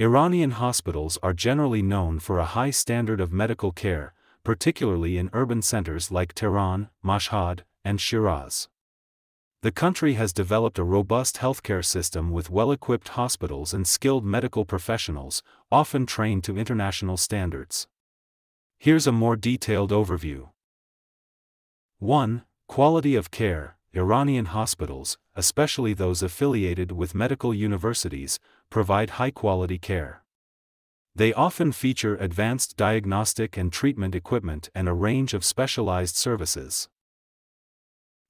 Iranian hospitals are generally known for a high standard of medical care, particularly in urban centers like Tehran, Mashhad, and Shiraz. The country has developed a robust healthcare system with well-equipped hospitals and skilled medical professionals, often trained to international standards. Here's a more detailed overview. 1. Quality of care, Iranian hospitals, especially those affiliated with medical universities, provide high-quality care. They often feature advanced diagnostic and treatment equipment and a range of specialized services.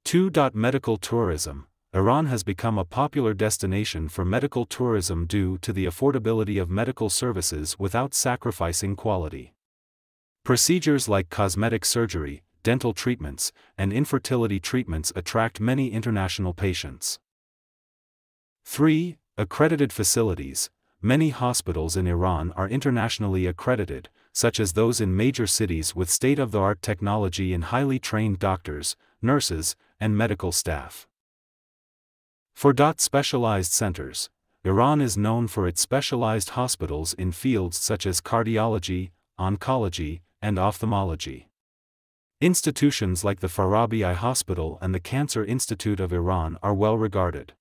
2. Medical tourism Iran has become a popular destination for medical tourism due to the affordability of medical services without sacrificing quality. Procedures like cosmetic surgery, dental treatments, and infertility treatments attract many international patients. 3. Accredited facilities. Many hospitals in Iran are internationally accredited, such as those in major cities with state-of-the-art technology and highly trained doctors, nurses, and medical staff. For DOT specialized centers, Iran is known for its specialized hospitals in fields such as cardiology, oncology, and ophthalmology. Institutions like the Farabi Eye Hospital and the Cancer Institute of Iran are well regarded.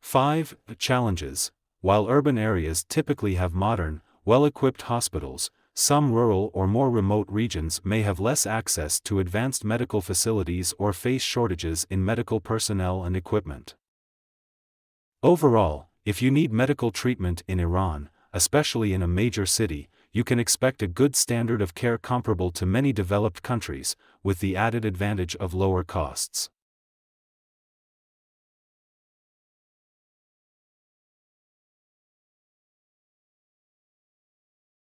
5. Challenges While urban areas typically have modern, well-equipped hospitals, some rural or more remote regions may have less access to advanced medical facilities or face shortages in medical personnel and equipment. Overall, if you need medical treatment in Iran, especially in a major city, you can expect a good standard of care comparable to many developed countries, with the added advantage of lower costs.